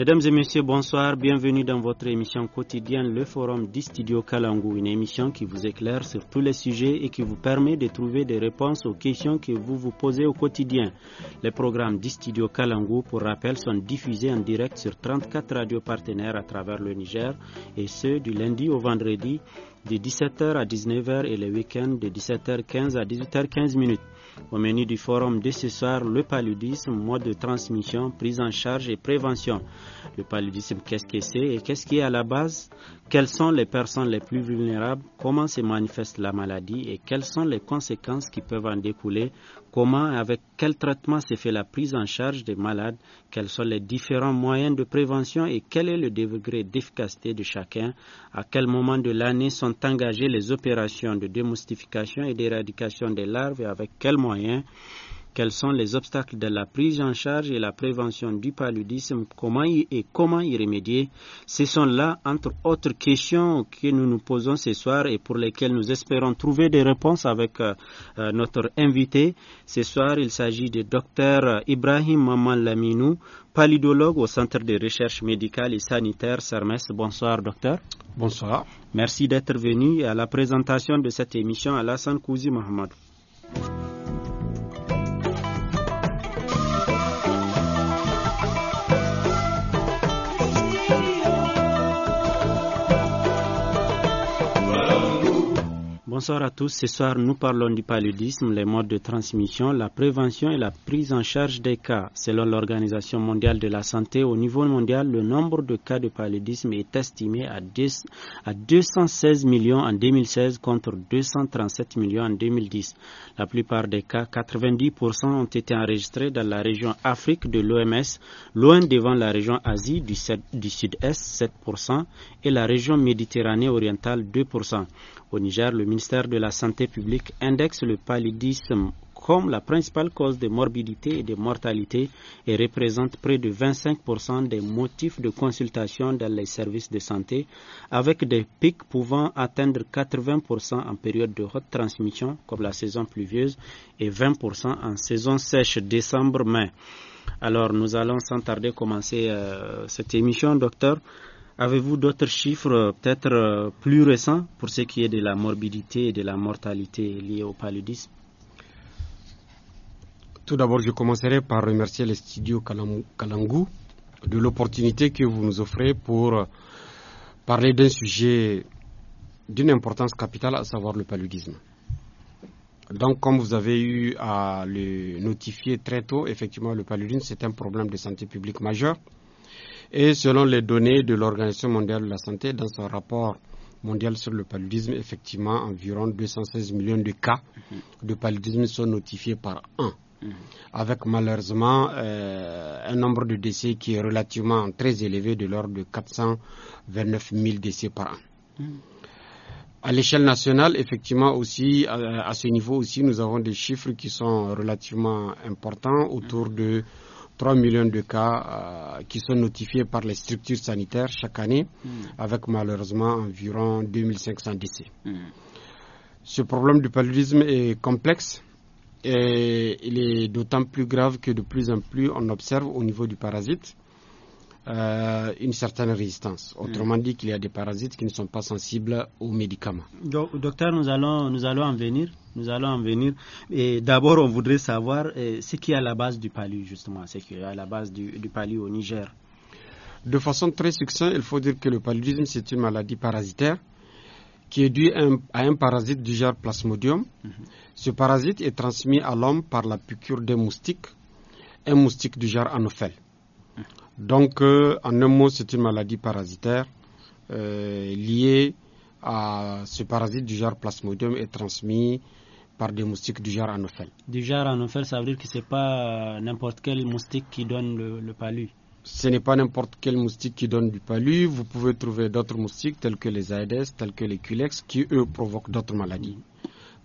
Mesdames et messieurs, bonsoir. Bienvenue dans votre émission quotidienne Le Forum du Studio Kalangou, une émission qui vous éclaire sur tous les sujets et qui vous permet de trouver des réponses aux questions que vous vous posez au quotidien. Les programmes du Studio Kalangou, pour rappel, sont diffusés en direct sur 34 radios partenaires à travers le Niger et ce, du lundi au vendredi de 17h à 19h et le week-ends de 17h15 à 18h15 minutes. Au menu du forum de ce soir, le paludisme, mode de transmission, prise en charge et prévention. Le paludisme, qu'est-ce que c'est et qu'est-ce qui est à la base quelles sont les personnes les plus vulnérables, comment se manifeste la maladie et quelles sont les conséquences qui peuvent en découler, comment et avec quel traitement se fait la prise en charge des malades, quels sont les différents moyens de prévention et quel est le degré d'efficacité de chacun, à quel moment de l'année sont engagées les opérations de démoustification et d'éradication des larves et avec quels moyens quels sont les obstacles de la prise en charge et la prévention du paludisme, comment y, et comment y remédier. Ce sont là, entre autres questions que nous nous posons ce soir et pour lesquelles nous espérons trouver des réponses avec euh, euh, notre invité. Ce soir, il s'agit de docteur euh, Ibrahim Maman Laminou, paludologue au Centre de recherche médicale et sanitaire Sermes. Bonsoir, docteur. Bonsoir. Merci d'être venu à la présentation de cette émission à la Sankouzi Mohamed. Bonsoir à tous. Ce soir, nous parlons du paludisme, les modes de transmission, la prévention et la prise en charge des cas. Selon l'Organisation mondiale de la santé, au niveau mondial, le nombre de cas de paludisme est estimé à, 216 millions en 2016 contre 237 millions en 2010. La plupart des cas, 90%, ont été enregistrés dans la région Afrique de l'OMS, loin devant la région Asie du, du Sud-Est, 7%, et la région Méditerranée orientale, 2%. Au Niger, le ministère ministère de la Santé publique indexe le paludisme comme la principale cause de morbidité et de mortalité et représente près de 25% des motifs de consultation dans les services de santé, avec des pics pouvant atteindre 80% en période de haute transmission, comme la saison pluvieuse, et 20% en saison sèche, décembre-mai. Alors, nous allons sans tarder commencer euh, cette émission, docteur. Avez-vous d'autres chiffres, euh, peut-être euh, plus récents, pour ce qui est de la morbidité et de la mortalité liée au paludisme Tout d'abord, je commencerai par remercier les studios Kalangu de l'opportunité que vous nous offrez pour euh, parler d'un sujet d'une importance capitale, à savoir le paludisme. Donc, comme vous avez eu à le notifier très tôt, effectivement, le paludisme, c'est un problème de santé publique majeur et selon les données de l'Organisation mondiale de la santé, dans son rapport mondial sur le paludisme, effectivement, environ 216 millions de cas de paludisme sont notifiés par an. Avec malheureusement euh, un nombre de décès qui est relativement très élevé, de l'ordre de 429 000 décès par an. À l'échelle nationale, effectivement aussi, euh, à, ce niveau aussi, nous avons des chiffres qui sont relativement importants, autour de 3 millions de cas euh, qui sont notifiés par les structures sanitaires chaque année, hmm. avec malheureusement environ 2500 décès. Hmm. Ce problème du paludisme est complexe et il est d'autant plus grave que de plus en plus on observe au niveau du parasite euh, une certaine résistance. Mm. Autrement dit, qu'il y a des parasites qui ne sont pas sensibles aux médicaments. docteur, nous allons, nous allons en venir. Nous allons en venir. Et d'abord, on voudrait savoir euh, ce qui est à la base du palu, justement, ce qui est à la base du, du au Niger. De façon très succincte, il faut dire que le paludisme, c'est une maladie parasitaire qui est due à un, parasite du genre Plasmodium. Mm-hmm. Ce parasite est transmis à l'homme par la piqûre d'un moustique, un moustique du genre Anopheles. Donc, euh, en un mot, c'est une maladie parasitaire euh, liée à ce parasite du genre Plasmodium et transmis par des moustiques du genre Anopheles. Du genre Anopheles, ça veut dire que ce n'est pas euh, n'importe quel moustique qui donne le, le Ce n'est pas n'importe quel moustique qui donne du palu. Vous pouvez trouver d'autres moustiques tels que les Aedes, tels que les Culex, qui eux provoquent d'autres maladies.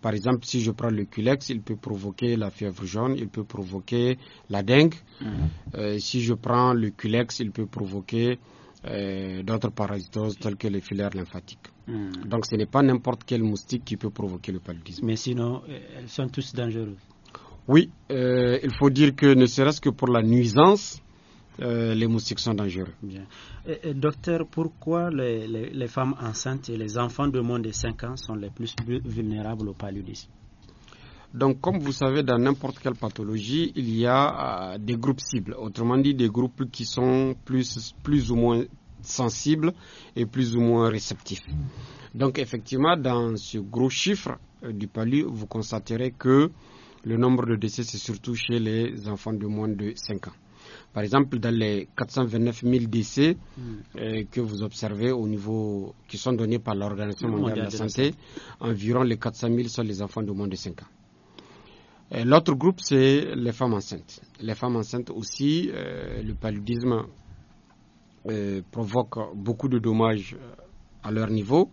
Par exemple, si je prends le culex, il peut provoquer la fièvre jaune, il peut provoquer la dengue. Mhm. Euh, si je prends le culex, il peut provoquer euh, d'autres parasitoses telles que les filaires lymphatiques. Mhm. Donc ce n'est pas n'importe quel moustique qui peut provoquer le paludisme. Mais sinon, euh, elles sont tous dangereuses. Oui, il faut dire que ne serait-ce que pour la nuisance, les moustiques sont dangereux. Eh, eh, docteur, pourquoi les, femmes enceintes et les enfants de moins de 5 ans sont les plus vulnérables au paludisme donc, comme vous savez, dans n'importe quelle pathologie, il y a euh, des groupes cibles. Autrement dit, des groupes qui sont plus, plus ou moins sensibles et plus ou moins réceptifs. Donc, effectivement, dans ce gros chiffre euh, du palu, vous constaterez que le nombre de décès, c'est surtout chez les enfants de moins de 5 ans. Par exemple, dans les 429 000 décès hmm. euh, que vous observez au niveau, qui sont donnés par l'Organisation mondiale, de la santé, environ les 400 000 sont les enfants de moins de 5 ans. L'autre groupe, c'est les femmes enceintes. Les femmes enceintes aussi, euh, le paludisme euh, provoque beaucoup de dommages à leur niveau.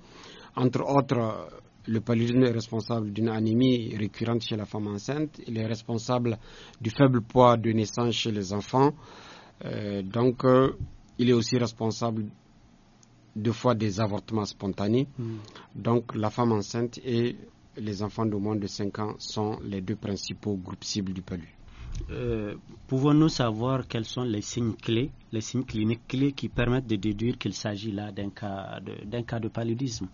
Entre autres, le paludisme est responsable d'une anémie récurrente chez la femme enceinte. Il est responsable du faible poids de naissance chez les enfants. Euh, donc, euh, il est aussi responsable deux fois des avortements spontanés. Hmm. Donc, la femme enceinte et les enfants de moins de 5 ans sont les deux principaux groupes cibles du paludisme. Euh, pouvons-nous savoir quels sont les signes clés, les signes cliniques clés qui permettent de déduire qu'il s'agit là d'un cas de paludisme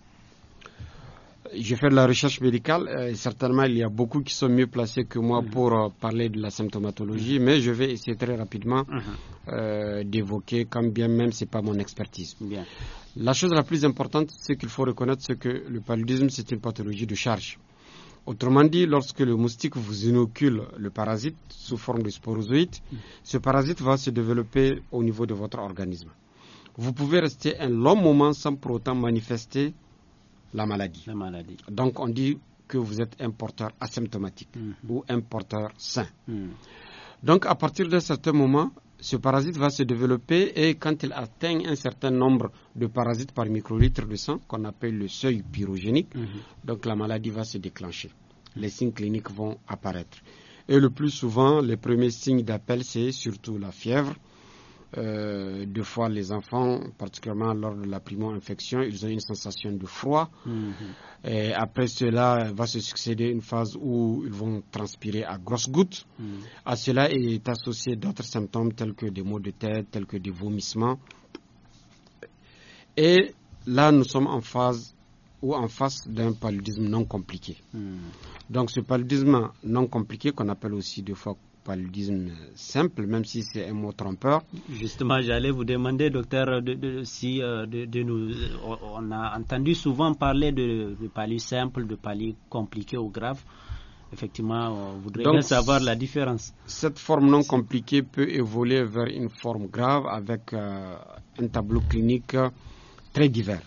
je fais de la recherche médicale. Euh, et certainement, il y a beaucoup qui sont mieux placés que moi mm-hmm. pour euh, parler de la symptomatologie, mm-hmm. mais je vais essayer très rapidement mm-hmm. euh, d'évoquer, quand bien même ce n'est pas mon expertise. La chose la plus importante, c'est qu'il faut reconnaître que le paludisme, c'est une pathologie de charge. Autrement dit, lorsque le moustique vous inocule le parasite sous forme de sporozoïde, mm. ce parasite va se développer au niveau de votre organisme. Vous pouvez rester un long moment sans pour autant manifester la maladie. Donc on dit que vous êtes un porteur asymptomatique mm-hmm. ou un porteur sain. Mm-hmm. Donc à partir d'un certain moment, ce parasite va se développer et quand il atteint un certain nombre de parasites par microlitre de sang, qu'on appelle le seuil pyrogénique, mm-hmm. donc la maladie va se déclencher. Les signes cliniques vont apparaître. Et le plus souvent, les premiers signes d'appel, c'est surtout la fièvre, euh, deux fois les enfants, particulièrement lors de la primo-infection, ils ont une sensation de froid. Mhm. Et après cela, va se succéder une phase où ils vont transpirer à grosses gouttes. Mhm. À cela est associé d'autres symptômes tels que des maux de tête, tels que des vomissements. Et là, nous sommes en phase ou en face d'un paludisme non compliqué. Mhm. Donc ce paludisme non compliqué qu'on appelle aussi des fois paludisme simple, même si c'est un mot trompeur. Justement, j'allais vous demander, docteur, de, si euh, de, nous, on a entendu souvent parler de, paludisme simple, de paludisme compliqué ou grave. Effectivement, on voudrait bien savoir la différence. Cette forme non compliquée peut évoluer vers une forme grave avec euh, un tableau clinique très divers.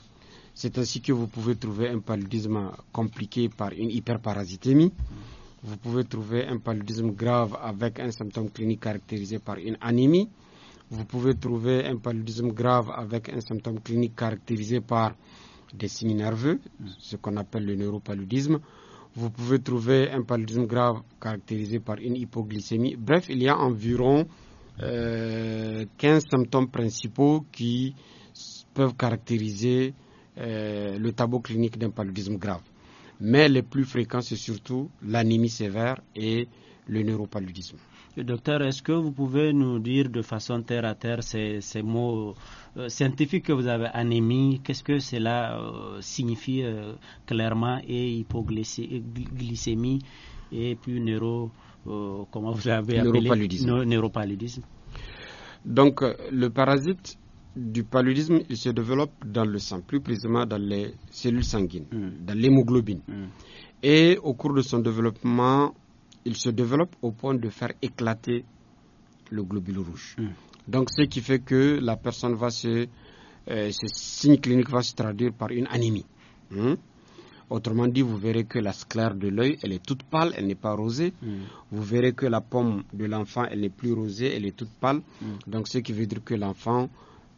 C'est ainsi que vous pouvez trouver un paludisme compliqué par une hyperparasitémie vous pouvez trouver un paludisme grave avec un symptôme clinique caractérisé par une anémie. Vous pouvez trouver un paludisme grave avec un symptôme clinique caractérisé par des signes nerveux, ce qu'on appelle le neuropaludisme. Vous pouvez trouver un paludisme grave caractérisé par une hypoglycémie. Bref, il y a environ euh, 15 symptômes principaux qui peuvent caractériser euh, le tableau clinique d'un paludisme grave mais les plus fréquents, c'est surtout l'anémie sévère et le neuropaludisme. Docteur, est-ce que vous pouvez nous dire de façon terre à terre ces, mots euh, scientifiques que vous avez, anémie, qu'est-ce que cela euh, signifie euh, clairement et hypoglycémie et puis neuro, avez appelé neuropaludisme. Donc le parasite du paludisme, il se développe dans le sang, plus précisément dans les cellules sanguines, hmm. dans l'hémoglobine. Hmm. Et au cours de son développement, il se développe au point de faire éclater le globule rouge. Hmm. Donc, ce qui fait que la personne va se. Euh, ce signe clinique va se traduire par une anémie. Autrement dit, vous verrez que la sclère de l'œil, elle est toute pâle, elle n'est pas rosée. Vous verrez que la pomme de l'enfant, elle n'est plus rosée, elle est toute pâle. Donc, ce qui veut dire que l'enfant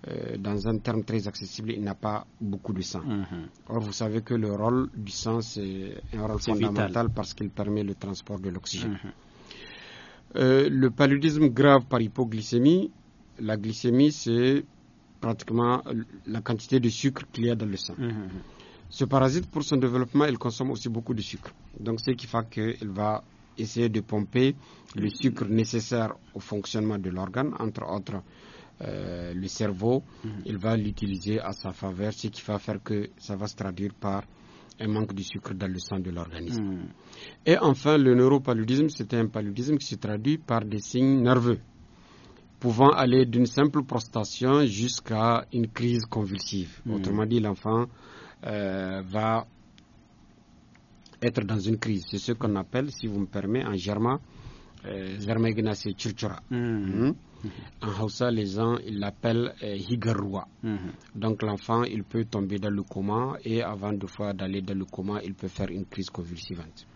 euh, dans un terme très accessible, il n'a pas beaucoup de sang. Mhm. Or, vous savez que le rôle du sang, c'est un rôle fondamental parce qu'il permet le transport de l'oxygène. Mhm. Euh, le paludisme grave par hypoglycémie, la glycémie, c'est pratiquement la quantité de sucre qu'il y a dans le sang. Mhm. Ce parasite, pour son développement, il consomme aussi beaucoup de sucre. Donc, ce qui fait qu'il va essayer de pomper le sucre nécessaire au fonctionnement de l'organe, entre autres euh, le cerveau, mhm. il va l'utiliser à sa faveur, ce qui va faire que ça va se traduire par un manque de sucre dans le sang de l'organisme. Mhm. Et enfin, le neuropaludisme, c'est un paludisme qui se traduit par des signes nerveux, pouvant aller d'une simple prostation jusqu'à une crise convulsive. Mhm. Autrement dit, l'enfant euh, va être dans une crise. C'est ce qu'on appelle, si vous me permettez, en germain, euh, en Hausa, les gens l'appellent euh, mhm. Donc l'enfant, il peut tomber dans le coma et avant de fois d'aller dans le coma, il peut faire une crise convulsivante.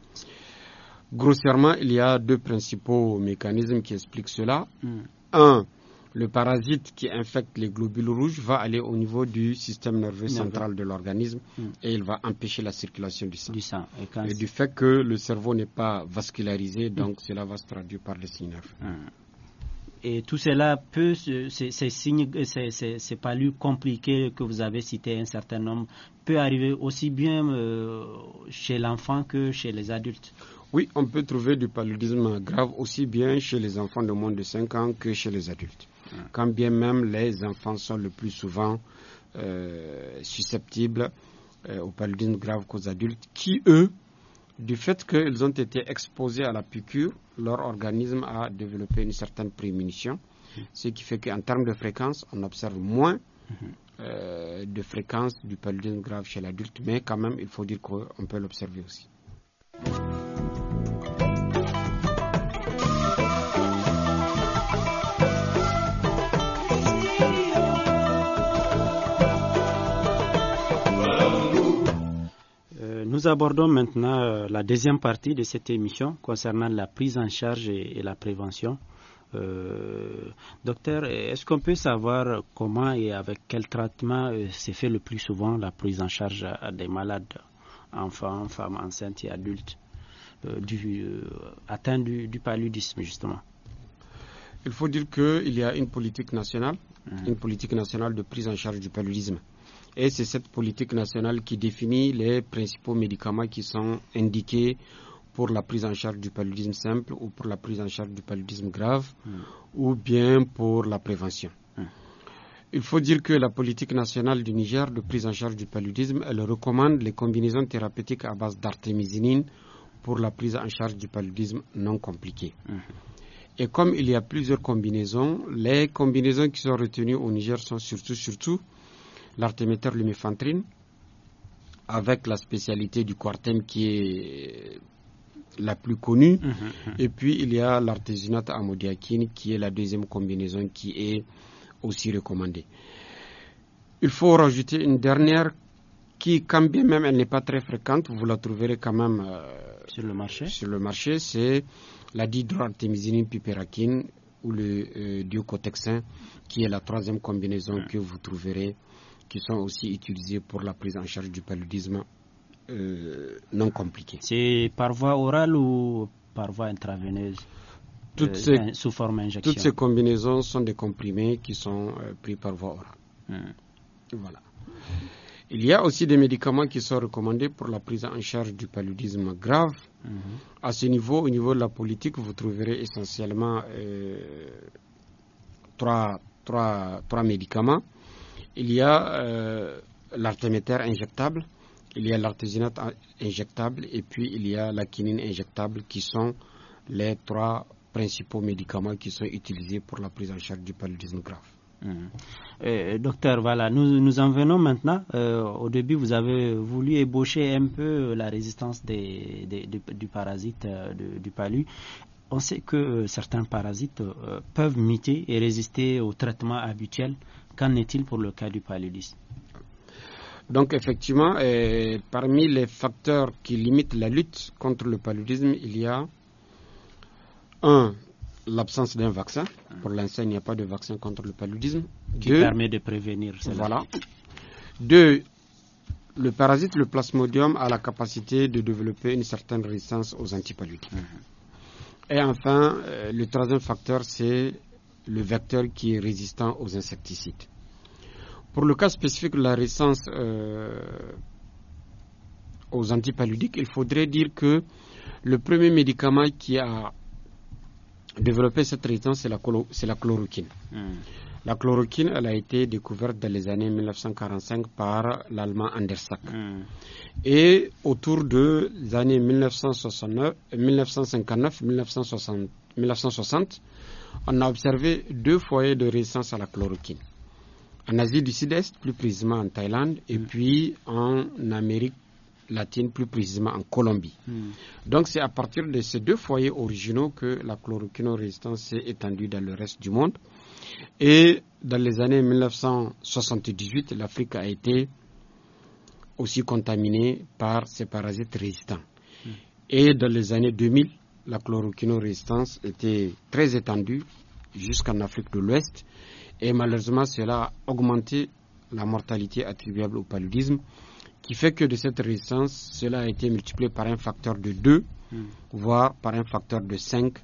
Grossièrement, il y a deux principaux mécanismes qui expliquent cela. Mhm. Un, le parasite qui infecte les globules rouges va aller au niveau du système nerveux central de l'organisme mhm. et il va empêcher la circulation du sang. Du Et, du fait que le cerveau n'est pas vascularisé, donc cela va se traduire par le signes et tout cela peut, ces, signes, euh, ces, palus compliqués que vous avez cités un certain nombre, peut arriver aussi bien euh, chez l'enfant que chez les adultes. Oui, on peut trouver du paludisme grave aussi bien chez les enfants de moins de 5 ans que chez les adultes. Ah. Quand bien même les enfants sont le plus souvent euh, susceptibles au paludisme grave qu'aux adultes qui, eux, du fait qu'ils ont été exposés à la piqûre, leur organisme a développé une certaine prémunition, ce qui fait qu'en termes de fréquence, on observe moins mhm. euh, de fréquence du paludisme grave chez l'adulte, mais quand même, il faut dire qu'on peut l'observer aussi. Nous abordons maintenant euh, la deuxième partie de cette émission concernant la prise en charge et, la prévention. Euh, docteur, est-ce qu'on peut savoir comment et avec quel traitement euh, s'est fait le plus souvent la prise en charge des malades, enfants, femmes enceintes et adultes, atteints du, paludisme justement Il faut dire qu'il y a une politique nationale, hein. une politique nationale de prise en charge du paludisme. Et c'est cette politique nationale qui définit les principaux médicaments qui sont indiqués pour la prise en charge du paludisme simple ou pour la prise en charge du paludisme grave hmm. ou bien pour la prévention. Hmm. Il faut dire que la politique nationale du Niger de prise en charge du paludisme, elle recommande les combinaisons thérapeutiques à base d'artémisinine pour la prise en charge du paludisme non compliqué. Hmm. Et comme il y a plusieurs combinaisons, les combinaisons qui sont retenues au Niger sont surtout, surtout l'artéméter Lumifantrine, avec la spécialité du quartem qui est la plus connue. Mmh, mmh. Et puis il y a l'artésinate amodiaquine qui est la deuxième combinaison qui est aussi recommandée. Il faut rajouter une dernière qui, quand bien même elle n'est pas très fréquente, vous la trouverez quand même euh, sur le marché. c'est la dihydroartémisinine Piperakine ou le euh, diocotexin, qui est la troisième combinaison mmh. que vous trouverez qui sont aussi utilisés pour la prise en charge du paludisme euh, non compliqué. C'est par voie orale ou par voie intraveineuse toutes, euh, ces, sous forme ces combinaisons sont des comprimés qui sont euh, pris par voie orale. Hmm. Voilà. Il y a aussi des médicaments qui sont recommandés pour la prise en charge du paludisme grave. Hmm. À ce niveau, au niveau de la politique, vous trouverez essentiellement trois, trois médicaments. Il y a euh, l'artéméter injectable, il y a l'artésinate injectable et puis il y a la quinine injectable qui sont les trois principaux médicaments qui sont utilisés pour la prise en charge du paludisme grave. Mmh. docteur, voilà, nous, nous, en venons maintenant. Euh, au début, vous avez voulu ébaucher un peu la résistance des, du parasite euh, du palu. On sait que certains parasites peuvent muter et résister au traitement habituel Qu'en est-il pour le cas du paludisme donc effectivement, euh, parmi les facteurs qui limitent la lutte contre le paludisme, il y a un, l'absence d'un vaccin. Pour l'instant, il n'y a pas de vaccin contre le paludisme. Qui permet de prévenir Voilà. Deux, le parasite, le plasmodium, a la capacité de développer une certaine résistance aux antipaludiques. Mhm. Et enfin, euh, le troisième facteur, c'est le vecteur qui est résistant aux insecticides. Pour le cas spécifique de la résistance euh, aux antipaludiques, il faudrait dire que le premier médicament qui a développé cette résistance, c'est la, chloroquine. Hmm. La chloroquine, elle a été découverte dans les années 1945 par l'allemand Andersack. Hmm. Et autour des années 1959, 1960 on a observé deux foyers de résistance à la chloroquine. En Asie du Sud-Est, plus précisément en Thaïlande, et mm. puis en Amérique latine, plus précisément en Colombie. Mm. Donc c'est à partir de ces deux foyers originaux que la chloroquine résistance s'est étendue dans le reste du monde. Et dans les années 1978, l'Afrique a été aussi contaminée par ces parasites résistants. Mm. Et dans les années 2000, la chloroquinorésistance résistance était très étendue jusqu'en Afrique de l'Ouest et malheureusement cela a augmenté la mortalité attribuable au paludisme qui fait que de cette résistance, cela a été multiplié par un facteur de 2, hmm. voire par un facteur de 5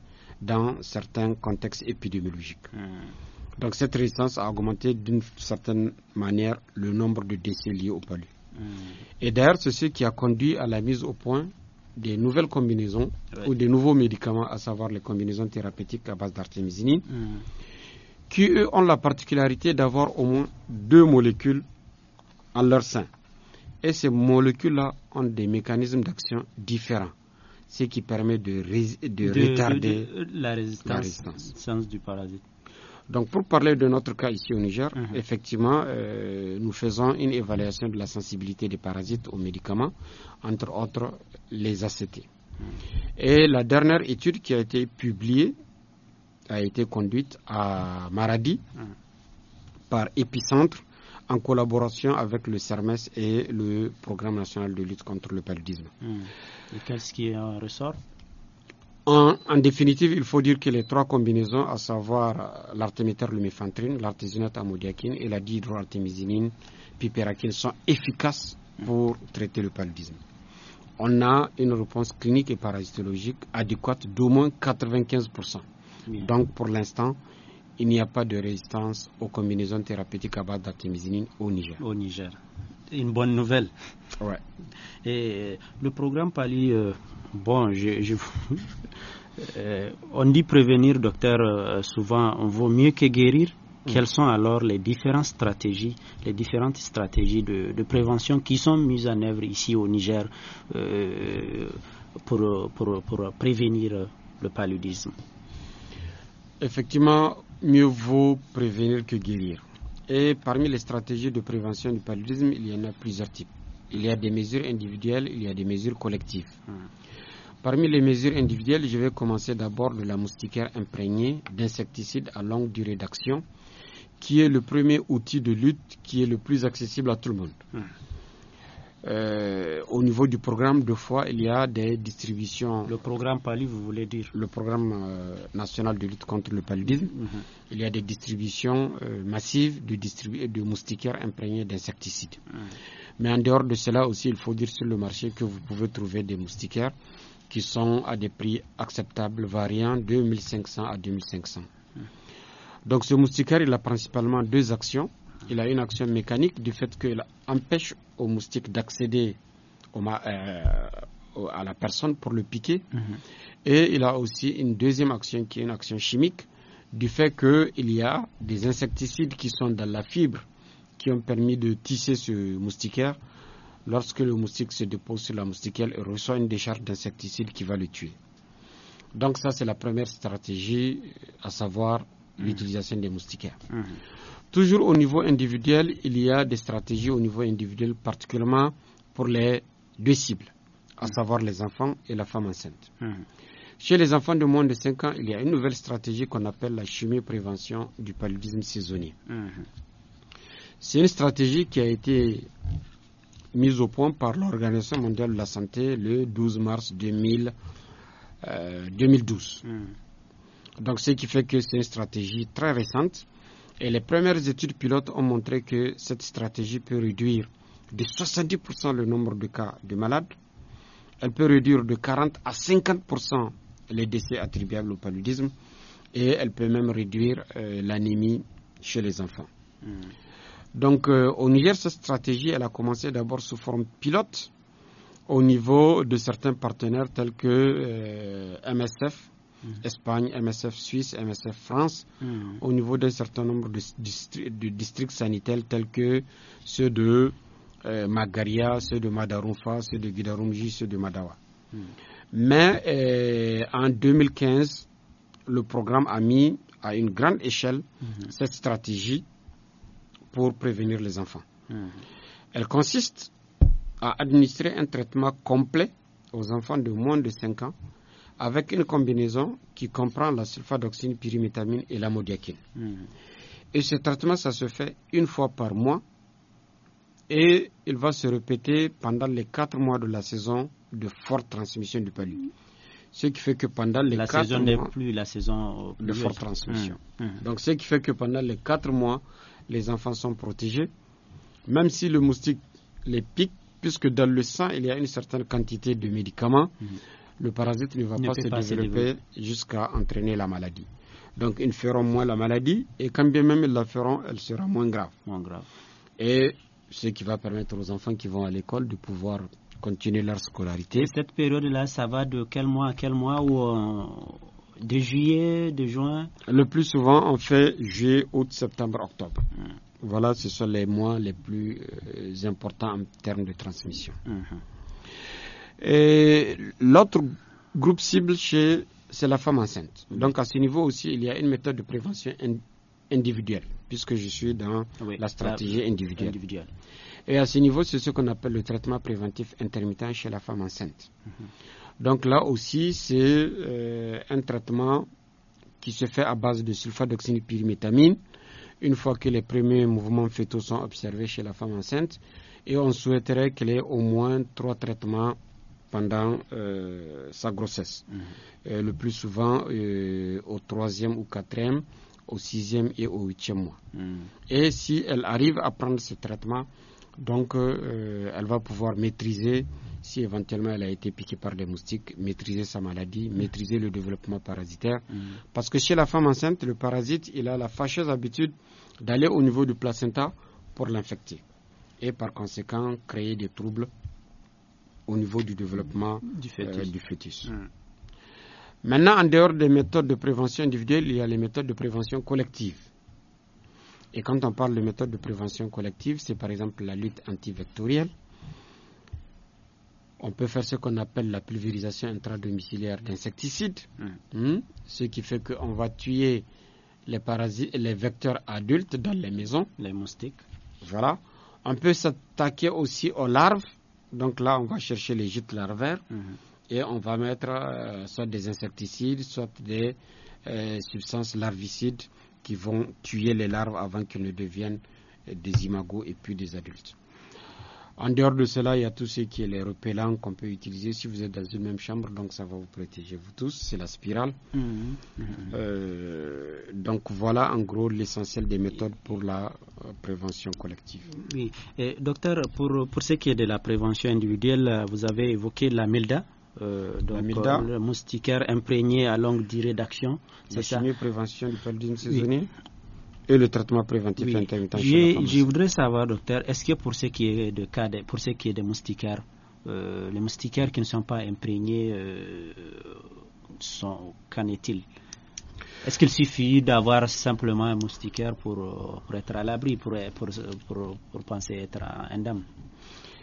dans certains contextes épidémiologiques. Hmm. Donc cette résistance a augmenté d'une certaine manière le nombre de décès liés au paludisme. Hmm. Et d'ailleurs, c'est qui a conduit à la mise au point des nouvelles combinaisons ou des nouveaux médicaments, à savoir les combinaisons thérapeutiques à base d'artémisinine, mm. qui eux ont la particularité d'avoir au moins deux molécules en leur sein. Et ces molécules-là ont des mécanismes d'action différents, ce qui permet de, retarder euh, la, résistance, du parasite. Donc, pour parler de notre cas ici au Niger, mhm. effectivement, euh, nous faisons une évaluation de la sensibilité des parasites aux médicaments, entre autres les ACT. Mhm. Et la dernière étude qui a été publiée a été conduite à Maradi mhm. par Epicentre, en collaboration avec le CERMES et le Programme national de lutte contre le paludisme. Et qu'est-ce qui en ressort en, définitive, il faut dire que les trois combinaisons, à savoir euh, l'artéméter lumefantrine, l'artésinate amodiaquine et la dihydroartémisinine piperaquine, sont efficaces pour traiter le paludisme. On a une réponse clinique et parasitologique adéquate d'au moins 95%. Donc, pour l'instant, il n'y a pas de résistance aux combinaisons thérapeutiques à base d'artémisinine au Niger. Au Niger une bonne nouvelle. Euh, le programme Pali, euh, bon, euh, on dit prévenir, docteur, souvent, on vaut mieux que guérir. Mm. Quelles sont alors les différentes stratégies, les différentes stratégies de, prévention qui sont mises en œuvre ici au Niger pour prévenir le paludisme Effectivement, mieux vaut prévenir que guérir. Et parmi les stratégies de prévention du paludisme, il y en a plusieurs types. Il y a des mesures individuelles, il y a des mesures collectives. Hmm. Parmi les mesures individuelles, je vais commencer d'abord de la moustiquaire imprégnée d'insecticides à longue durée d'action, qui est le premier outil de lutte qui est le plus accessible à tout le monde. Hmm. Euh, au niveau du programme, deux fois, il y a des distributions. Le programme PALI, vous voulez dire Le programme euh, national de lutte contre le paludisme. Mhm. Il y a des distributions euh, massives de, de, moustiquaires imprégnés d'insecticides. Mais en dehors de cela aussi, il faut dire sur le marché que vous pouvez trouver des moustiquaires qui sont à des prix acceptables, variant de à 2500. Donc ce moustiquaire, il a principalement deux actions. Il a une action mécanique du fait qu'il empêche au moustique euh, d'accéder à la personne pour le piquer. Mhm. Et il a aussi une deuxième action qui est une action chimique, du fait qu'il y a des insecticides qui sont dans la fibre qui ont permis de tisser ce moustiquaire. Lorsque le moustique se dépose sur la moustiquaire, et reçoit une décharge d'insecticides qui va le tuer. Donc ça, c'est la première stratégie, à savoir mhm. l'utilisation des moustiquaires. Mhm. Toujours au niveau individuel, il y a des stratégies au niveau individuel, particulièrement pour les deux cibles, à mm. savoir les enfants et la femme enceinte. Mm. Chez les enfants de moins de 5 ans, il y a une nouvelle stratégie qu'on appelle la chimie-prévention du paludisme saisonnier. Mm. C'est une stratégie qui a été mise au point par l'Organisation mondiale de la santé le 12 mars 2012. Euh, Donc, ce qui fait que c'est une stratégie très récente et les premières études pilotes ont montré que cette stratégie peut réduire de 70% le nombre de cas de malades. Elle peut réduire de 40 à 50% les décès attribuables au paludisme et elle peut même réduire euh, l'anémie chez les enfants. Hmm. Donc euh, au Niger, cette stratégie, elle a commencé d'abord sous forme pilote au niveau de certains partenaires tels que euh, MSF, Mm-hmm. Espagne, MSF Suisse, MSF France, mm-hmm. au niveau d'un certain nombre de, districts sanitaires tels que ceux de euh, Magaria, ceux de Madarumfa, ceux de Guidarumji, ceux de Madawa. Mm-hmm. Mais euh, en 2015, le programme a mis à une grande échelle cette stratégie pour prévenir les enfants. Elle consiste à administrer un traitement complet aux enfants de moins de 5 ans avec une combinaison qui comprend la sulfadoxine, pyrimétamine et l'amodiaquine. Hmm. Et ce traitement, ça se fait une fois par mois et il va se répéter pendant les quatre mois de la saison de forte transmission du paludisme. Hmm. Ce qui fait que pendant les la saison n'est plus la saison euh, de forte transmission. Hmm. Donc, ce qui fait que pendant les quatre mois, les enfants sont protégés, même si le moustique les pique, puisque dans le sang, il y a une certaine quantité de médicaments le parasite ne va pas, se, développer jusqu'à entraîner la maladie. Donc ils feront moins la maladie et quand bien même ils la feront, elle sera moins grave. Moins grave. Et ce qui va permettre aux enfants qui vont à l'école de pouvoir continuer leur scolarité. cette période-là, ça va de quel mois à quel mois euh, de juillet, de juin Le plus souvent, on fait juillet, août, septembre, octobre. Mmh. Voilà, ce sont les mois les plus euh, importants en termes de transmission. Mmh. Et l'autre groupe cible c'est la femme enceinte. Donc à ce niveau aussi, il y a une méthode de prévention individuelle, puisque je suis dans la stratégie individuelle. Et à ce niveau, c'est ce qu'on appelle le traitement préventif intermittent chez la femme enceinte. Mhm. Donc là aussi, c'est euh, un traitement qui se fait à base de sulfadoxine pyrimétamine, une fois que les premiers mouvements fœtaux sont observés chez la femme enceinte, et on souhaiterait qu'il y ait au moins trois traitements pendant euh, sa grossesse. Mhm. Euh, le plus souvent euh, au troisième ou quatrième, au sixième et au huitième mois. Mhm. Et si elle arrive à prendre ce traitement, donc elle va pouvoir maîtriser, si éventuellement elle a été piquée par des moustiques, maîtriser sa maladie, mhm. maîtriser le développement parasitaire. Parce que chez la femme enceinte, le parasite, il a la fâcheuse habitude d'aller au niveau du placenta pour l'infecter et par conséquent créer des troubles au niveau du développement du euh, fœtus. Hum. Maintenant, en dehors des méthodes de prévention individuelle, il y a les méthodes de prévention collective. Et quand on parle de méthodes de prévention collective, c'est par exemple la lutte antivectorielle. On peut faire ce qu'on appelle la pulvérisation intradomiciliaire d'insecticides, hum. Hum, ce qui fait qu'on va tuer les, parasites, les vecteurs adultes dans les maisons. Les moustiques. Voilà. On peut s'attaquer aussi aux larves donc là, on va chercher les gîtes larvaires mhm. et on va mettre euh, soit des insecticides, soit des euh, substances larvicides qui vont tuer les larves avant qu'elles ne deviennent des imagos et puis des adultes. En dehors de cela, il y a tout ce qui est les repellants qu'on peut utiliser si vous êtes dans une même chambre, donc ça va vous protéger vous tous. C'est la spirale. Mmh. Euh, donc voilà en gros l'essentiel des méthodes pour la euh, prévention collective. Oui. Et, docteur, pour, pour ce qui est de la prévention individuelle, vous avez évoqué la MILDA. Euh, donc, le moustiquaire imprégné à longue durée d'action. C'est ça. prévention du paludisme saisonnier et le traitement préventif intermittent. Je, voudrais savoir, docteur, est-ce que pour ce qui est de cas, pour qui est des moustiquaires, euh, les moustiquaires qui ne sont pas imprégnés, euh, sont, qu'en est-il Est-ce qu'il suffit d'avoir simplement un moustiquaire pour, euh, être à l'abri, pour, pour, penser être dame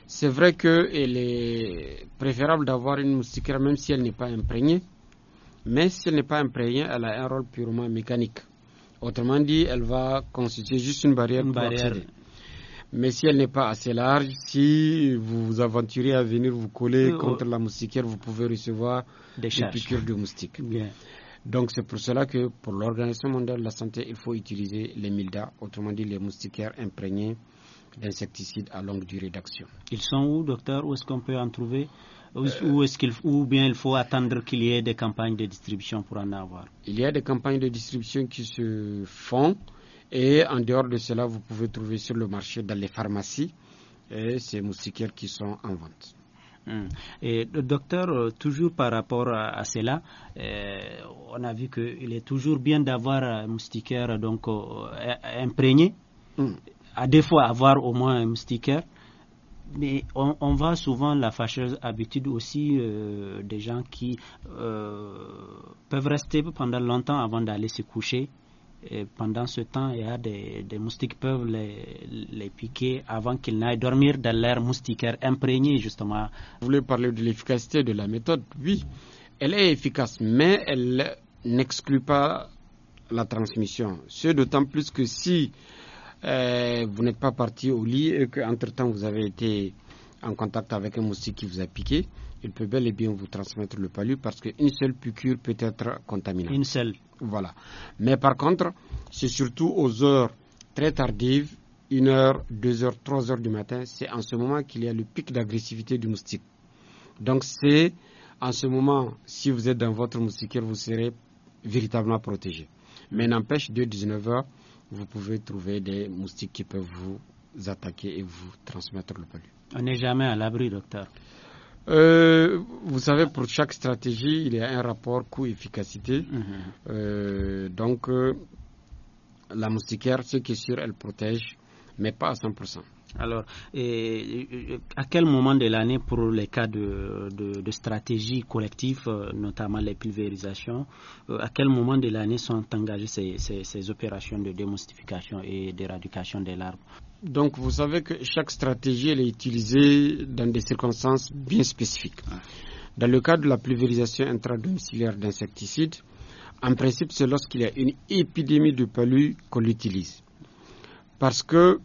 C'est vrai qu'il est préférable d'avoir une moustiquaire même si elle n'est pas imprégnée, mais si elle n'est pas imprégnée, elle a un rôle purement mécanique. Autrement dit, elle va constituer juste une barrière barrière. Mais si elle n'est pas assez large, si vous vous aventurez à venir vous coller euh, contre oh. la moustiquaire, vous pouvez recevoir des, piqûres de moustiques. Donc c'est pour cela que pour l'Organisation mondiale de la santé, il faut utiliser les MILDA, autrement dit les moustiquaires imprégnés d'insecticides à longue durée d'action. Ils sont où, docteur Où est-ce qu'on peut en trouver ou, ou bien il faut attendre qu'il y ait des campagnes de distribution pour en avoir Il y a des campagnes de distribution qui se font et en dehors de cela, vous pouvez trouver sur le marché dans les pharmacies ces moustiquaires qui sont en vente. Hum. Et docteur, euh, toujours par rapport à, cela, euh, on a vu qu'il est toujours bien d'avoir un euh, moustiquaire donc, imprégné, hum. à des fois avoir au moins un moustiquaire mais on, voit souvent la fâcheuse habitude aussi euh, des gens qui euh, peuvent rester pendant longtemps avant d'aller se coucher. Et pendant ce temps, il y a des, des moustiques peuvent les, les piquer avant qu'ils n'aillent dormir dans l'air moustiquaire imprégné justement. Vous voulez parler de l'efficacité de la méthode Oui, elle est efficace, mais elle n'exclut pas la transmission. C'est d'autant plus que si euh, vous n'êtes pas parti au lit et qu'entre-temps vous avez été en contact avec un moustique qui vous a piqué, il peut bel et bien vous transmettre le palu parce qu'une seule piqûre peut être contaminante. Une seule. Voilà. Mais par contre, c'est surtout aux heures très tardives, 1h, 2h, 3h du matin, c'est en ce moment qu'il y a le pic d'agressivité du moustique. Donc c'est en ce moment, si vous êtes dans votre moustiquaire, vous serez véritablement protégé. Mais n'empêche, de 19h vous pouvez trouver des moustiques qui peuvent vous attaquer et vous transmettre le pollu. On n'est jamais à l'abri, docteur. Euh, vous savez, pour chaque stratégie, il y a un rapport coût-efficacité. Mhm. Euh, donc, euh, la moustiquaire, ce qui est sûr, elle protège, mais pas à 100%. Alors, à quel moment de l'année pour les cas de, de, de stratégie collective, euh, notamment les pulvérisations, euh, à quel moment de l'année sont engagées ces, opérations de démonstification et d'éradication des larves Donc, vous savez que chaque stratégie elle est utilisée dans des circonstances bien spécifiques. Dans le cas de la pulvérisation intradomiciliaire d'insecticides, en principe, c'est lorsqu'il y a une épidémie de palu qu'on l'utilise. Parce que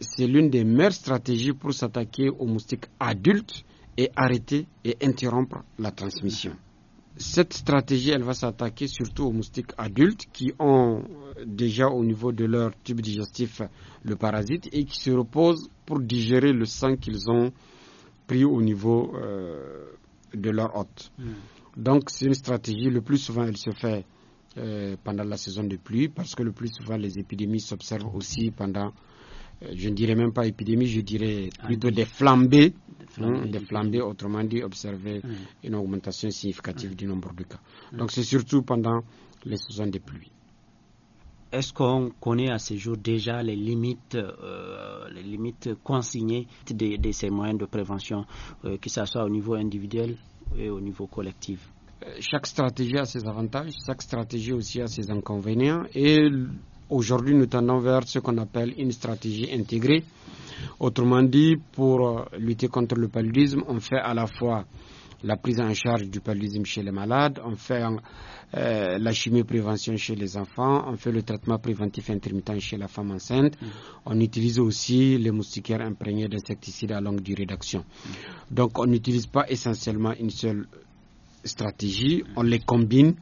c'est l'une des meilleures stratégies pour s'attaquer aux moustiques adultes et arrêter et interrompre la transmission. Cette stratégie, elle va s'attaquer surtout aux moustiques adultes qui ont euh, déjà au niveau de leur tube digestif le parasite et qui se reposent pour digérer le sang qu'ils ont pris au niveau euh, de leur hôte. Hmm. Donc c'est une stratégie, le plus souvent elle se fait euh, pendant la saison de pluie parce que le plus souvent les épidémies s'observent aussi pendant euh, je ne dirais même pas épidémie, je dirais ah, plutôt des flambées, des hein, flambées, autrement dit, observer ah. une augmentation significative ah. du nombre de cas. Donc c'est surtout pendant les saisons de pluie. Est-ce qu'on connaît à ce jour déjà les limites, euh, les limites consignées de, ces moyens de prévention, euh, que ce soit au niveau individuel et au niveau collectif Chaque stratégie a ses avantages, chaque stratégie aussi a ses inconvénients et Aujourd'hui, nous tendons vers ce qu'on appelle une stratégie intégrée. Autrement dit, pour euh, lutter contre le paludisme, on fait à la fois la prise en charge du paludisme chez les malades, on fait euh, la chimie prévention chez les enfants, on fait le traitement préventif intermittent chez la femme enceinte, on utilise aussi les moustiquaires imprégnés d'insecticides à longue durée d'action. Donc on n'utilise pas essentiellement une seule stratégie, on les combine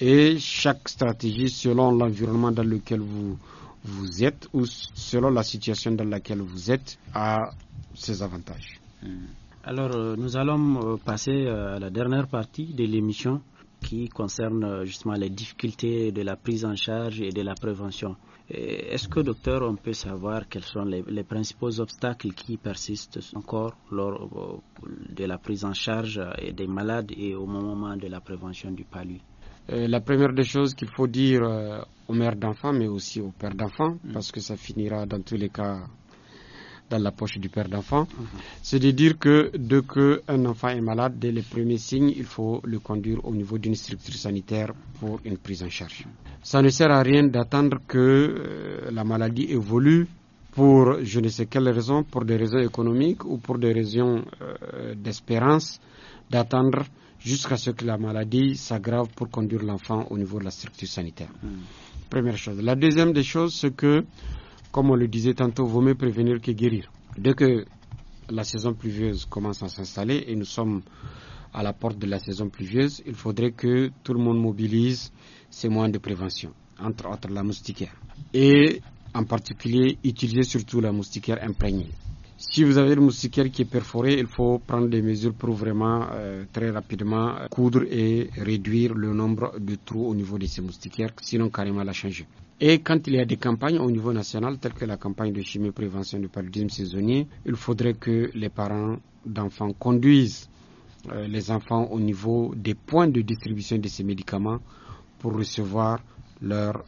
et chaque stratégie selon l'environnement dans lequel vous, vous êtes ou selon la situation dans laquelle vous êtes a ses avantages. Hmm. Alors euh, nous allons euh, passer euh, à la dernière partie de l'émission qui concerne justement les difficultés de la prise en charge et de la prévention. Est-ce que, docteur, on peut savoir quels sont les, principaux obstacles qui persistent encore lors de la prise en charge des malades et au moment de la prévention du palu euh, la première des choses qu'il faut dire euh, aux mères d'enfants, mais aussi aux pères d'enfants, mm. parce que ça finira dans tous les cas dans la poche du père d'enfant, c'est de dire que dès qu'un enfant est malade, dès les premiers signes, il faut le conduire au niveau d'une structure sanitaire pour une prise en charge. Ça ne sert à rien d'attendre que euh, la maladie évolue pour je ne sais quelle raison, pour des raisons économiques ou pour des raisons d'espérance, d'attendre jusqu'à ce que la maladie s'aggrave pour conduire l'enfant au niveau de la structure sanitaire. Hmm. Première chose. La deuxième des choses, c'est que, comme on le disait tantôt, vaut mieux prévenir que guérir. Dès que la saison pluvieuse commence à s'installer et nous sommes à la porte de la saison pluvieuse, il faudrait que tout le monde mobilise ses moyens de prévention, entre autres la moustiquaire. Et en particulier, utiliser surtout la moustiquaire imprégnée. Si vous avez le moustiquaire qui est perforé, il faut prendre des mesures pour vraiment euh, très rapidement euh, coudre et réduire le nombre de trous au niveau de ces moustiquaires, sinon carrément la changer. Et quand il y a des campagnes au niveau national, telles que la campagne de chimie prévention du paludisme saisonnier, il faudrait que les parents d'enfants conduisent euh, les enfants au niveau des points de distribution de ces médicaments pour recevoir leur,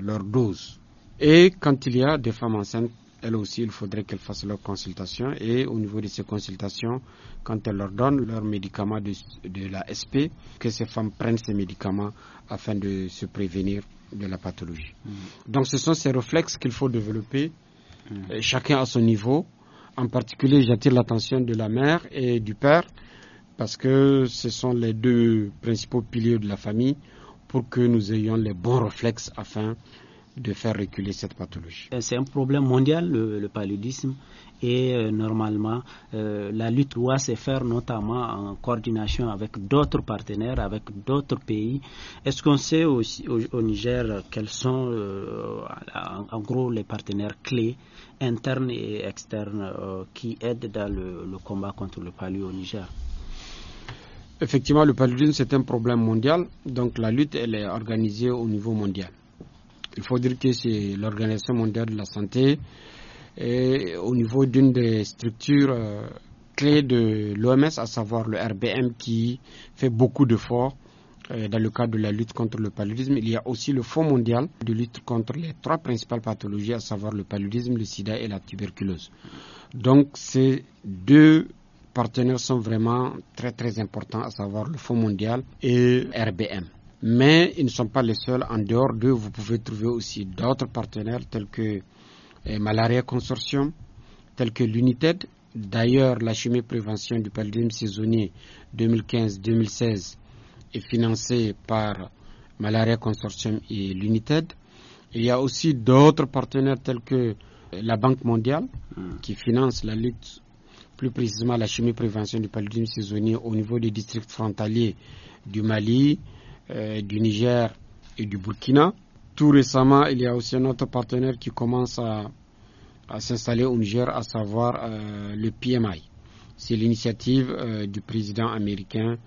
leur dose. Et quand il y a des femmes enceintes elle aussi, il faudrait qu'elles fassent leurs consultations et au niveau de ces consultations, quand elles leur donne leurs médicaments de, la SP, que ces femmes prennent ces médicaments afin de se prévenir de la pathologie. Mm. Donc ce sont ces réflexes qu'il faut développer, mm. euh, chacun à son niveau. En particulier, j'attire l'attention de la mère et du père, parce que ce sont les deux principaux piliers de la famille pour que nous ayons les bons réflexes afin de faire reculer cette pathologie. Euh, c'est un problème mondial, le, paludisme, et euh, normalement, euh, la lutte doit se faire notamment en coordination avec d'autres partenaires, avec d'autres pays. Est-ce qu'on sait au, Niger quels sont en, gros les partenaires clés internes et externes qui aident dans le, le combat contre le paludisme au Niger Effectivement, le paludisme, c'est un problème mondial, donc la lutte, elle est organisée au niveau mondial il faut dire que c'est l'Organisation mondiale de la santé et au niveau d'une des structures euh, clés de l'OMS, à savoir le RBM qui fait beaucoup d'efforts euh, dans le cadre de la lutte contre le paludisme. Il y a aussi le Fonds mondial de lutte contre les trois principales pathologies, à savoir le paludisme, le sida et la tuberculose. Donc ces deux partenaires sont vraiment très très importants, à savoir le Fonds mondial et RBM. Mais ils ne sont pas les seuls. En dehors d'eux, vous pouvez trouver aussi d'autres partenaires tels que eh, Malaria Consortium, tels que l'UNITED. D'ailleurs, la chimie prévention du paludisme saisonnier 2015-2016 est financée par Malaria Consortium et l'UNITED. Il y a aussi d'autres partenaires tels que eh, la Banque mondiale hmm. qui finance la lutte, plus précisément la chimie prévention du paludisme saisonnier au niveau des districts frontaliers du Mali, euh, du Niger et du Burkina. Tout récemment, il y a aussi autre partenaire qui commence à, s'installer au Niger, à savoir euh, le PMI. C'est l'initiative euh, du président américain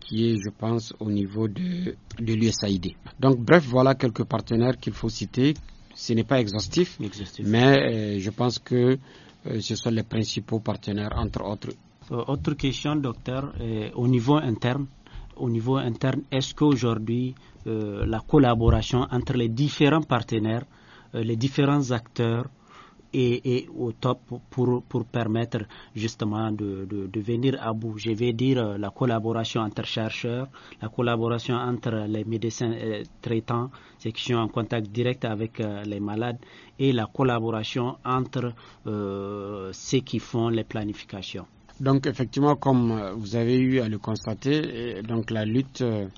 qui est, je pense, au niveau de, l'USAID. Donc, bref, voilà quelques partenaires qu'il faut citer. Ce n'est pas exhaustif, mais je pense que ce sont les principaux partenaires, entre autres. Autre question, docteur, au niveau interne, au niveau interne, est-ce qu'aujourd'hui euh, la collaboration entre les différents partenaires, euh, les différents acteurs est, au top pour, permettre justement de, de, venir à bout Je vais dire euh, la collaboration entre chercheurs, la collaboration entre les médecins traitants, ceux qui sont en contact direct avec les malades, et la collaboration entre ceux qui font les planifications. Donc effectivement, comme euh, vous avez eu à le constater, donc la lutte euh,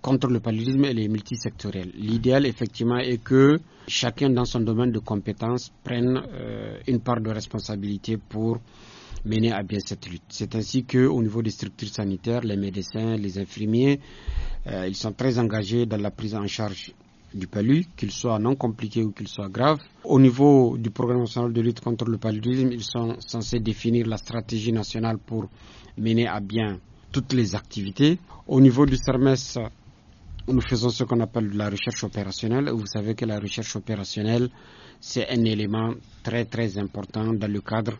contre le paludisme est multisectorielle. L'idéal effectivement est que chacun dans son domaine de compétences prenne euh, une part de responsabilité pour mener à bien cette lutte. C'est ainsi qu'au niveau des structures sanitaires, les médecins, les infirmiers, ils sont très engagés dans la prise en charge du palu, qu'il soit non compliqué ou qu'il soit grave. Au niveau du programme national de lutte contre le paludisme, ils sont censés définir la stratégie nationale pour mener à bien toutes les activités. Au niveau du CERMES, nous faisons ce qu'on appelle la recherche opérationnelle. Vous savez que la recherche opérationnelle, c'est un élément très très important dans le cadre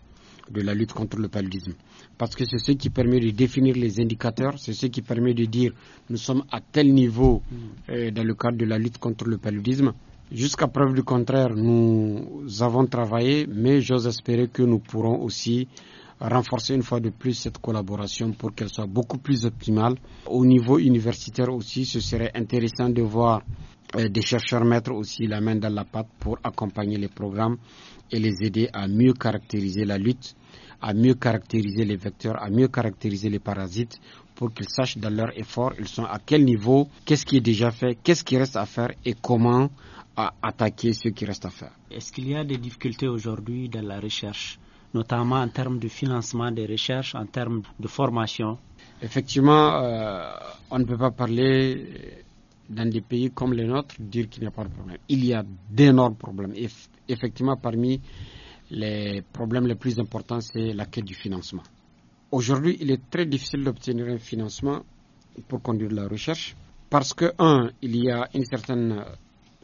de la lutte contre le paludisme. Parce que c'est ce qui permet de définir les indicateurs, c'est ce qui permet de dire nous sommes à tel niveau euh, dans le cadre de la lutte contre le paludisme. Jusqu'à preuve du contraire, nous avons travaillé, mais j'ose espérer que nous pourrons aussi renforcer une fois de plus cette collaboration pour qu'elle soit beaucoup plus optimale. Au niveau universitaire aussi, ce serait intéressant de voir euh, des chercheurs mettre aussi la main dans la patte pour accompagner les programmes et les aider à mieux caractériser la lutte, à mieux caractériser les vecteurs, à mieux caractériser les parasites pour qu'ils sachent dans leur effort, ils sont à quel niveau, qu'est-ce qui est déjà fait, qu'est-ce qui reste à faire et comment attaquer ce qui reste à faire. Est-ce qu'il y a des difficultés aujourd'hui dans la recherche, notamment en termes de financement des recherches, en termes de formation Effectivement, euh, on ne peut pas parler dans des pays comme le nôtre, dire qu'il n'y a pas de problème. Il y a d'énormes problèmes. effectivement, parmi les problèmes les plus importants, c'est la quête du financement. Aujourd'hui, il est très difficile d'obtenir un financement pour conduire la recherche parce que, un, il y a une certaine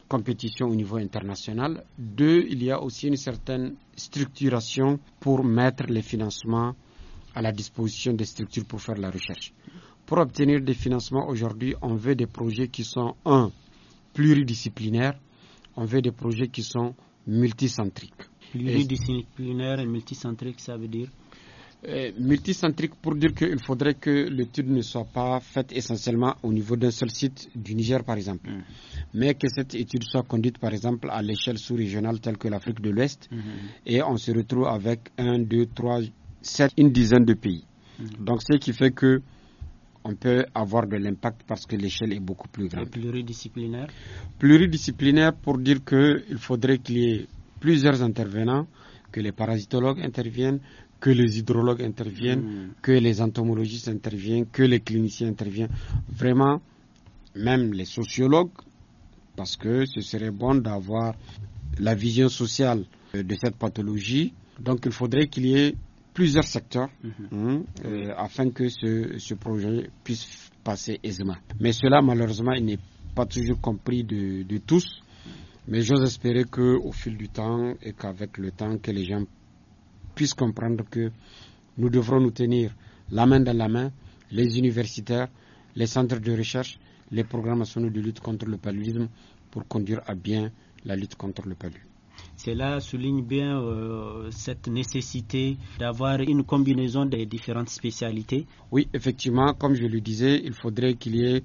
compétition au niveau international. Deux, il y a aussi une certaine structuration pour mettre les financements à la disposition des structures pour faire la recherche. Pour obtenir des financements aujourd'hui, on veut des projets qui sont, un, pluridisciplinaires, on veut des projets qui sont multicentriques. Pluridisciplinaire et multicentrique, ça veut dire euh, multicentrique pour dire qu'il faudrait que l'étude ne soit pas faite essentiellement au niveau d'un seul site du Niger, par exemple, mm. mais que cette étude soit conduite, par exemple, à l'échelle sous-régionale telle que l'Afrique de l'Ouest, mm-hmm. et on se retrouve avec un, deux, trois, sept, une dizaine de pays. Mm-hmm. Donc, ce qui fait que on peut avoir de l'impact parce que l'échelle est beaucoup plus grande. pluridisciplinaire Pluridisciplinaire pour dire qu'il faudrait qu'il y ait plusieurs intervenants, que les parasitologues interviennent, que les hydrologues interviennent, hmm. que les entomologistes interviennent, que les cliniciens interviennent. Vraiment, même les sociologues, parce que ce serait bon d'avoir la vision sociale euh, de cette pathologie. Donc il faudrait qu'il y ait plusieurs secteurs mhm. hein, euh, afin que ce, projet puisse passer aisément. Mais cela, malheureusement, n'est pas toujours compris de, de tous. Mais j'ose espérer qu'au fil du temps et qu'avec le temps, que les gens puissent comprendre que nous devrons nous tenir la main dans la main, les universitaires, les centres de recherche, les programmes nationaux de lutte contre le paludisme pour conduire à bien la lutte contre le paludisme. Cela souligne bien euh, cette nécessité d'avoir une combinaison des différentes spécialités. Oui, effectivement, comme je le disais, il faudrait qu'il y ait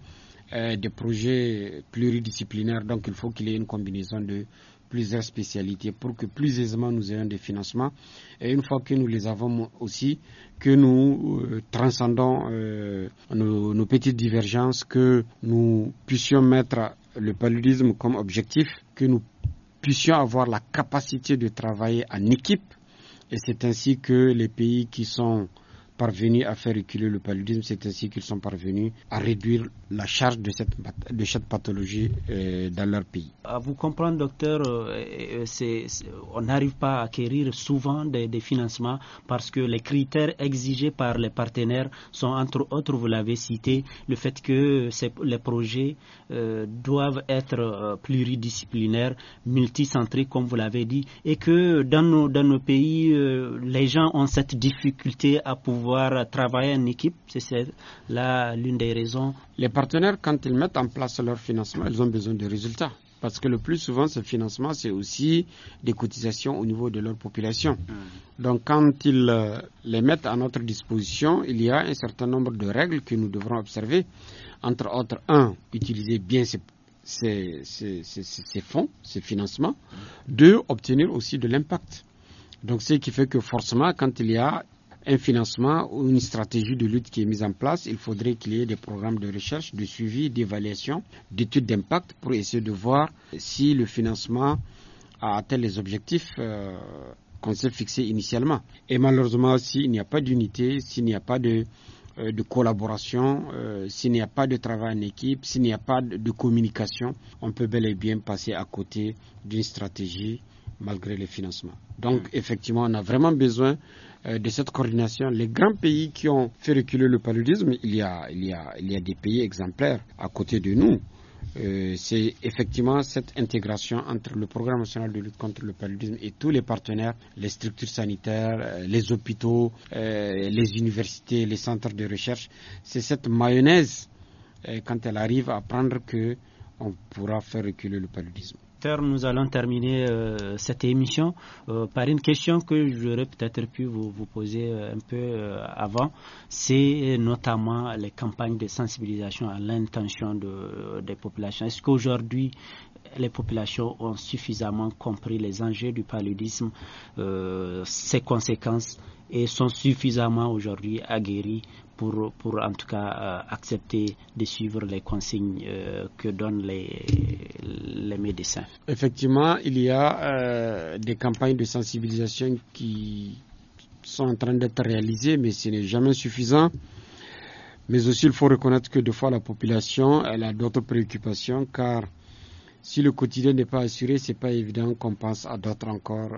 euh, des projets pluridisciplinaires, donc il faut qu'il y ait une combinaison de plusieurs spécialités pour que plus aisément nous ayons des financements. Et une fois que nous les avons aussi, que nous euh, transcendons nos, nos, petites divergences, que nous puissions mettre le paludisme comme objectif, que nous puissions avoir la capacité de travailler en équipe. Et c'est ainsi que les pays qui sont parvenus à faire reculer le paludisme, c'est ainsi qu'ils sont parvenus à réduire la charge de cette, de cette pathologie euh, dans leur pays. À ah, vous comprendre, docteur, euh, euh, on n'arrive pas à acquérir souvent des, financements parce que les critères exigés par les partenaires sont, entre autres, vous l'avez cité, le fait que les projets doivent être pluridisciplinaires, multicentriques, comme vous l'avez dit, et que dans dans nos pays, les gens ont cette difficulté à pouvoir travailler en équipe. C'est là l'une des raisons. Les partenaires, quand ils mettent en place leur financement, ils ont besoin de résultats parce que le plus souvent, ce financement, c'est aussi des cotisations au niveau de leur population. Hmm. Donc, quand ils euh, les mettent à notre disposition, il y a un certain nombre de règles que nous devrons observer. Entre autres, un, utiliser bien ces, ces, ces, ces fonds, ces financements. Hmm. Deux, obtenir aussi de l'impact. Donc, ce qui fait que forcément, quand il y a un financement ou une stratégie de lutte qui est mise en place, il faudrait qu'il y ait des programmes de recherche, de suivi, d'évaluation, d'études d'impact pour essayer de voir si le financement a atteint les objectifs euh, qu'on s'est fixés initialement. Et malheureusement, s'il n'y a pas d'unité, s'il n'y a pas de, euh, collaboration, euh, s'il n'y a pas de travail en équipe, s'il n'y a pas de, communication, on peut bel et bien passer à côté d'une stratégie malgré le financement. Donc mmh. effectivement, on a vraiment besoin euh, de cette coordination, les grands pays qui ont fait reculer le paludisme, il y a, il y a, il y a des pays exemplaires à côté de nous. Euh, c'est effectivement cette intégration entre le programme national de lutte contre le paludisme et tous les partenaires, les structures sanitaires, euh, les hôpitaux, les universités, les centres de recherche. C'est cette mayonnaise, quand elle arrive à prendre, que on pourra faire reculer le paludisme nous allons terminer euh, cette émission euh, par une question que j'aurais peut-être pu vous, poser euh, un peu avant. C'est notamment les campagnes de sensibilisation à l'intention de, des populations. Est-ce qu'aujourd'hui, les populations ont suffisamment compris les enjeux du paludisme, ses conséquences et sont suffisamment aujourd'hui aguerris pour, en tout cas accepter de suivre les consignes que donnent les, médecins. Effectivement, il y a euh, des campagnes de sensibilisation qui sont en train d'être réalisées, mais ce n'est jamais suffisant. Mais aussi, il faut reconnaître que des fois, la population, elle a d'autres préoccupations, car si le quotidien n'est pas assuré, ce n'est pas évident qu'on pense à d'autres encore,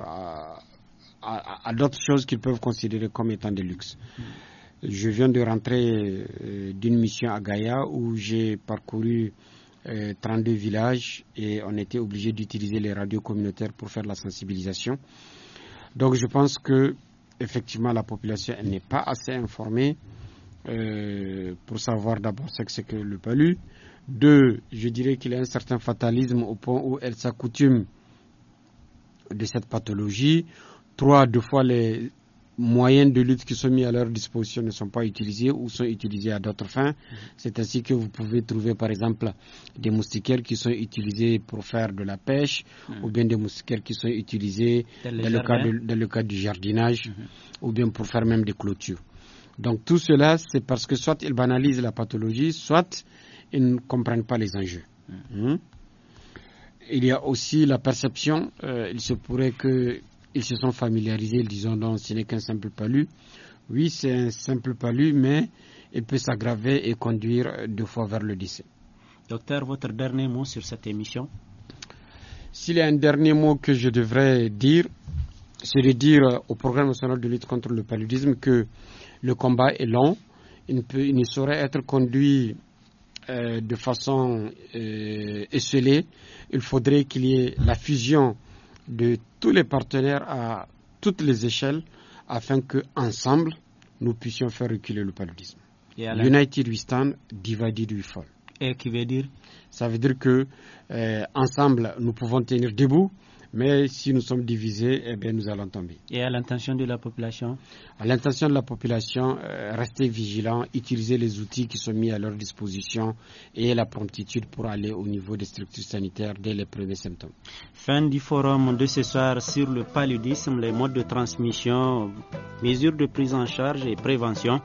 à, d'autres choses qu'ils peuvent considérer comme étant des luxes. Je viens de rentrer euh, d'une mission à Gaïa où j'ai parcouru 32 euh, villages et on était obligé d'utiliser les radios communautaires pour faire la sensibilisation. Donc je pense que effectivement la population n'est pas assez informée euh, pour savoir d'abord ce que c'est que le palu. Deux, je dirais qu'il y a un certain fatalisme au point où elle s'accoutume de cette pathologie. Trois, deux fois les moyens de lutte qui sont mis à leur disposition ne sont pas utilisés ou sont utilisés à d'autres fins. C'est ainsi que vous pouvez trouver par exemple des moustiquaires qui sont utilisés pour faire de la pêche mmh. ou bien des moustiquaires qui sont utilisés dans, le, cas le, cas du jardinage mmh. ou bien pour faire même des clôtures. Donc tout cela, c'est parce que soit ils banalisent la pathologie, soit ils ne comprennent pas les enjeux. Mmh. Il y a aussi la perception, euh, il se pourrait que ils se sont familiarisés, ils disant non, ce n'est qu'un simple palu. Oui, c'est un simple palu, mais il peut s'aggraver et conduire deux fois vers le décès. Docteur, votre dernier mot sur cette émission S'il y a un dernier mot que je devrais dire, c'est de dire au Programme national de lutte contre le paludisme que le combat est long, il ne, saurait être conduit euh, de façon euh, esselée. Il faudrait qu'il y ait la fusion de tous les partenaires à toutes les échelles afin que ensemble nous puissions faire reculer le paludisme. United we stand, divided we fall. Et qui veut dire Ça veut dire que euh, ensemble nous pouvons tenir debout mais si nous sommes divisés, eh nous allons tomber. Et à l'intention de la population À l'intention de la population, euh, rester vigilant, utiliser les outils qui sont mis à leur disposition et la promptitude pour aller au niveau des structures sanitaires dès les premiers symptômes. Fin du forum de ce soir sur le paludisme, les modes de transmission, mesures de prise en charge et prévention.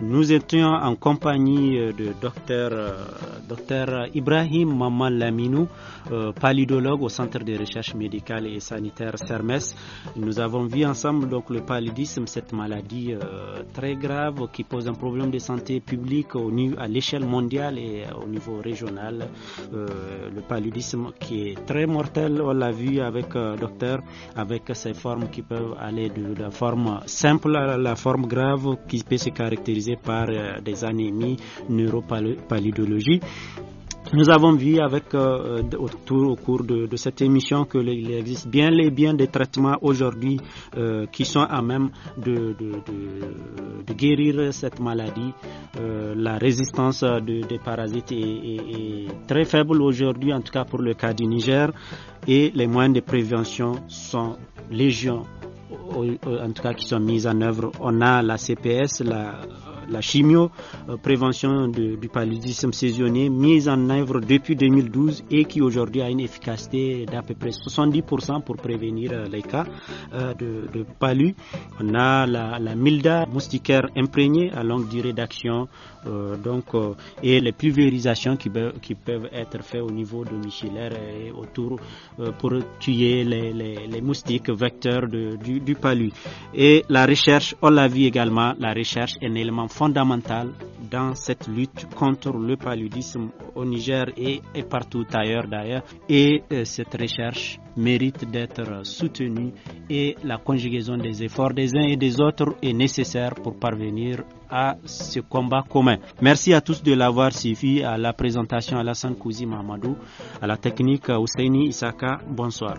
Nous étions en compagnie euh, de docteur, euh, Ibrahim Mamal Laminou, paludologue au Centre de recherche médicale et sanitaire CERMES. Nous avons vu ensemble donc le paludisme, cette maladie euh, très grave qui pose un problème de santé publique au, à l'échelle mondiale et euh, au niveau régional. Euh, le paludisme qui est très mortel, on l'a vu avec docteur, avec ses formes qui peuvent aller de la forme simple à la forme grave qui peut se caractériser par des anémies neuropaludologie. Nous avons vu avec, euh, autour, au cours de, cette émission qu'il existe bien les biens des traitements aujourd'hui euh, qui sont à même de, de, guérir cette maladie. Euh, la résistance des parasites est, très faible aujourd'hui, en tout cas pour le cas du Niger, et les moyens de prévention sont légion en tout cas qui sont mises en œuvre. On a la CPS, la la chimio, euh, prévention du paludisme saisonnier, mise en œuvre depuis 2012 et qui aujourd'hui a une efficacité d'à peu près 70% pour prévenir euh, les cas euh, de, de, On a la, la milda moustiquaire imprégnée à longue durée d'action euh, donc, euh, et les pulvérisations qui, qui, peuvent être faites au niveau de et autour euh, pour tuer les, les, moustiques vecteurs de, du, du palu. Et la recherche, on l'a vu également, la recherche est un élément fondamental dans cette lutte contre le paludisme au Niger et, partout ailleurs d'ailleurs. Et cette recherche mérite d'être soutenue et la conjugaison des efforts des uns et des autres est nécessaire pour parvenir à ce combat commun. Merci à tous de l'avoir suivi à la présentation à la Sankouzi Mamadou, à la technique Ousseini Isaka. Bonsoir.